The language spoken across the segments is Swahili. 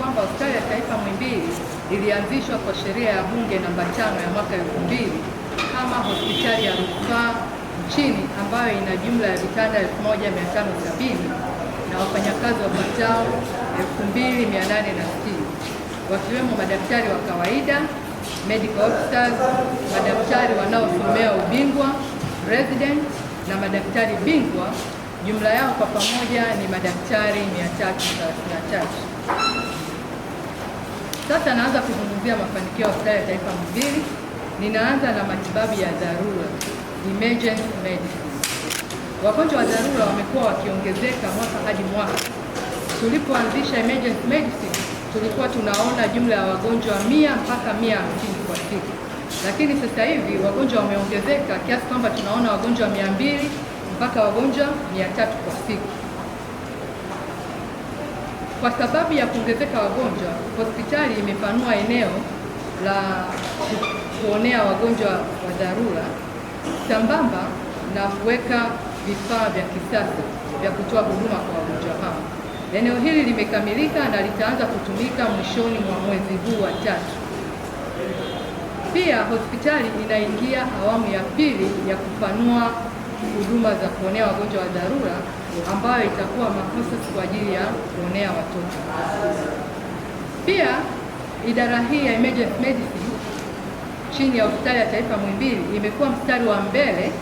kwamba hospitali ya taifa Muhimbili ilianzishwa kwa sheria ya bunge namba tano ya mwaka elfu mbili kama hospitali ya rufaa nchini ambayo ina jumla ya vitanda 1570 na wafanyakazi wapatao 2860 wakiwemo madaktari wa kawaida, medical officers, madaktari wanaosomea ubingwa resident na madaktari bingwa. Jumla yao kwa pamoja ni madaktari 333. Sasa naanza kuzungumzia mafanikio ya hospitali ya taifa Muhimbili. Ninaanza na matibabu ya dharura emergency medicine. Wagonjwa wa dharura wamekuwa wakiongezeka mwaka hadi mwaka. Tulipoanzisha emergency medicine, tulikuwa tunaona jumla ya wagonjwa mia mpaka mia hamsini kwa siku, lakini sasa hivi wagonjwa wameongezeka kiasi kwamba tunaona wagonjwa mia mbili mpaka wagonjwa mia tatu kwa siku. Kwa sababu ya kuongezeka wagonjwa, hospitali imepanua eneo la kuonea wagonjwa wa dharura sambamba na kuweka vifaa vya kisasa vya kutoa huduma kwa wagonjwa hao. Eneo hili limekamilika na litaanza kutumika mwishoni mwa mwezi huu wa tatu. Pia hospitali inaingia awamu ya pili ya kupanua huduma za kuonea wagonjwa wa dharura ambayo itakuwa mahususi kwa ajili ya kuonea watoto. Pia idara hii ya emergency medicine chini ya hospitali ya taifa Muhimbili imekuwa mstari wa mbele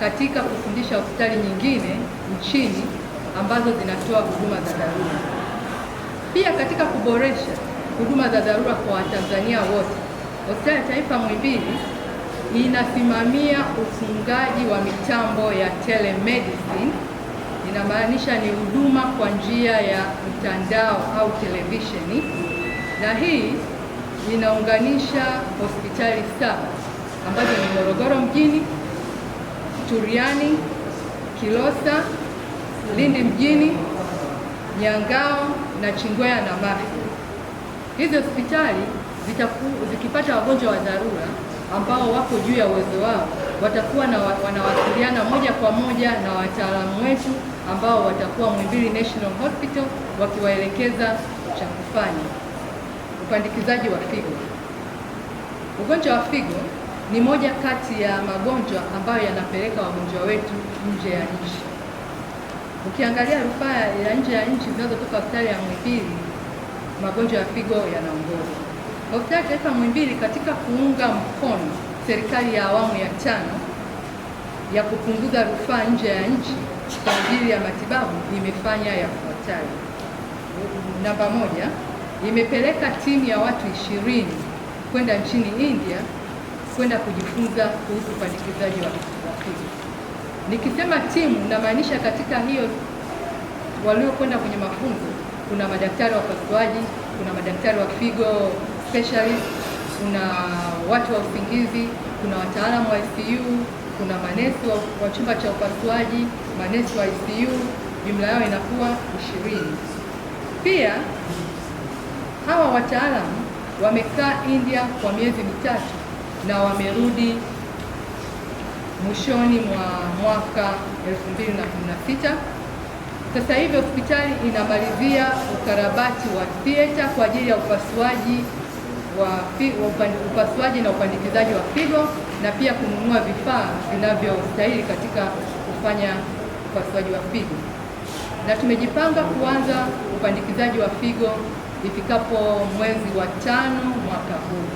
katika kufundisha hospitali nyingine nchini ambazo zinatoa huduma za dharura. Pia katika kuboresha huduma za dharura kwa Watanzania wote, hospitali ya taifa Muhimbili inasimamia ufungaji wa mitambo ya telemedicine, inamaanisha ni huduma kwa njia ya mtandao au televisheni, na hii inaunganisha hospitali saba ambazo ni Morogoro mjini, Turiani, Kilosa, Lindi mjini, Nyangao na Chingwea na Mafi. Hizi hospitali zikipata wagonjwa wa dharura ambao wako juu ya uwezo wao watakuwa na wanawasiliana moja kwa moja na wataalamu wetu ambao watakuwa Muhimbili National Hospital wakiwaelekeza cha kufanya. Upandikizaji wa figo. Ugonjwa wa figo ni moja kati ya magonjwa ambayo yanapeleka wagonjwa wetu nje ya nchi. Ukiangalia rufaa ya nje ya nchi zinazotoka hospitali ya Muhimbili, magonjwa ya figo yanaongoza. Ofisi ya Taifa Muhimbili katika kuunga mkono serikali ya awamu ya tano ya kupunguza rufaa nje ya nchi kwa ajili ya matibabu imefanya yafuatayo. Namba moja, imepeleka timu ya watu ishirini kwenda nchini India kwenda kujifunza kuhusu upandikizaji wa kizazi. Nikisema timu namaanisha katika hiyo waliokwenda kwenye mafunzo kuna madaktari wa upasuaji, kuna madaktari wa figo specialist, kuna watu wa usingizi, kuna wataalamu wa ICU, kuna manesi wa, chumba cha upasuaji, manesi wa ICU, jumla yao inakuwa ishirini. Pia hawa wataalamu wamekaa India kwa miezi mitatu na wamerudi mwishoni mwa mwaka 2016. Sasa hivi hospitali inamalizia ukarabati wa theater kwa ajili ya upasuaji wa upasuaji na upandikizaji wa figo na pia kununua vifaa vinavyostahili katika kufanya upasuaji wa figo, na tumejipanga kuanza upandikizaji wa figo ifikapo mwezi wa tano mwaka huu.